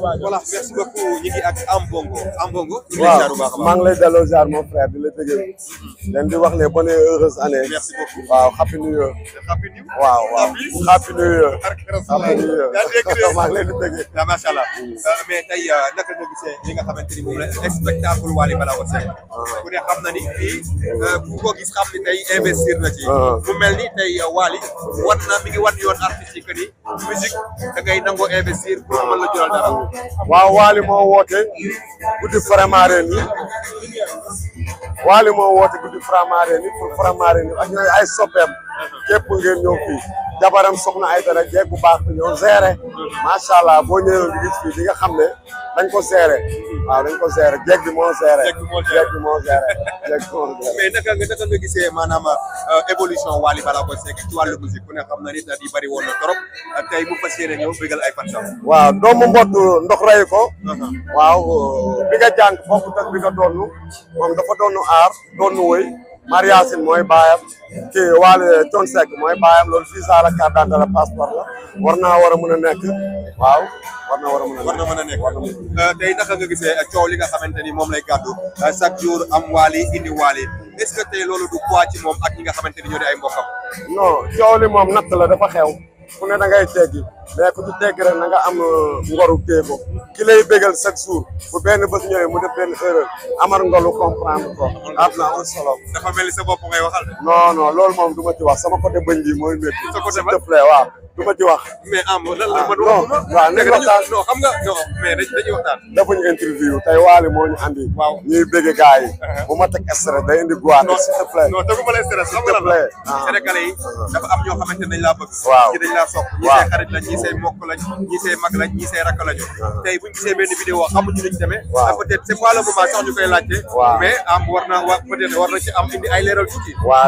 voilà merci beaucoup ñu ak Ambongo Ambongo. waaw maa ngi lay delloo ziar mon frère di la déggee. leen mm-hmm. wax ne bonne et heureuse année. merci beaucoup waaw happy new waaw waaw happy new year. happy new year maa ngi leen di déggee. macha allah mm. euh, euh, la spectacle Wally Ballago Seck. Mm. ku ne xam na ni fii euh, bu ko gis xam ni tey investir na ci. Mm. mu mel ni tey Wally wan na mi ngi wan yoon artistique ni. musique da ngay nangoo investir pour mën la jural dara. waaw Waly moo woote guddi Faramareen yi Waly moo woote guddi Faramareen képp ngeen ñëw fii jabaram soxna ay dara jeeg bu baax bi ñëw gérer macha allah boo ñëwee di gis fii di nga xam ne dañ ko gérer waaw dañ ko gérer jeeg bi moo gérer jeeg bi moo gérer jeeg bi moo gérer mais naka nga naka nga gisee maanaam euh, évolution Wally Ballago Seck ci wàllu ne xam na ni daal di bëri woon na trop euh, tey bu fas yéene ñëw bëggal ay fansam waaw doomu mbott ndox rayu ko uh-huh. waaw euh, bi nga jàng bokkut ak bi nga doonu moom dafa doonu aar doonu wëy Mariasin mooy baayam kii Waly Thione Seck mooy baayam loolu si visa la carte d'identité la passeport la war naa war a mën a nekk waaw war naa war a mën a war na mën a nekk euh, tey naka nga gisee euh, coow li nga xamante ni moom lay gàddu euh, chaque jour am Waly indi Waly est-ce que tey loolu du poids ci moom ak ñi nga xamante ni ñoo di ay mbokkam non coow moom natt la dafa xew ku ne da ngay teggi mais ku ci na nga am euh, ngoru téye ko ki lay bégal chaque jour bu benn bés ñëwee mu def benn erreur amar ngolu comprendre ko am na am solo. dafa mel ni sa bopp ngay waxal de. non loolu moom du ma ci wax sama côté bëñ bi mooy métti. sa côté bëñ s'il te du ma ci wax. mais am lan la ah, man waxuma. waaw nañ waxtaan non xam nga non mais interview tey waale moo ñu andi. ñuy bëgg gars yi. Uh-huh. bu ma a stress day indi boite. s'il te plaît non tegu ah. dafa am ñoo xamante ne dañ laa bëgg. laa sopp. waaw ñii say xarit lañ ñii say mokk lañ mag lañ ñii say rakk lañu. Uh-huh. tey buñ gisee benn vidéo xamuñu ñu demee. waaw ah, peut-être c'est ñu koy laajte. waaw mais am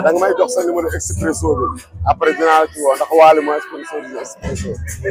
da nga may jox sa numéro expresso bi après dinaa la ci woo ndax waale ma expresso Yes,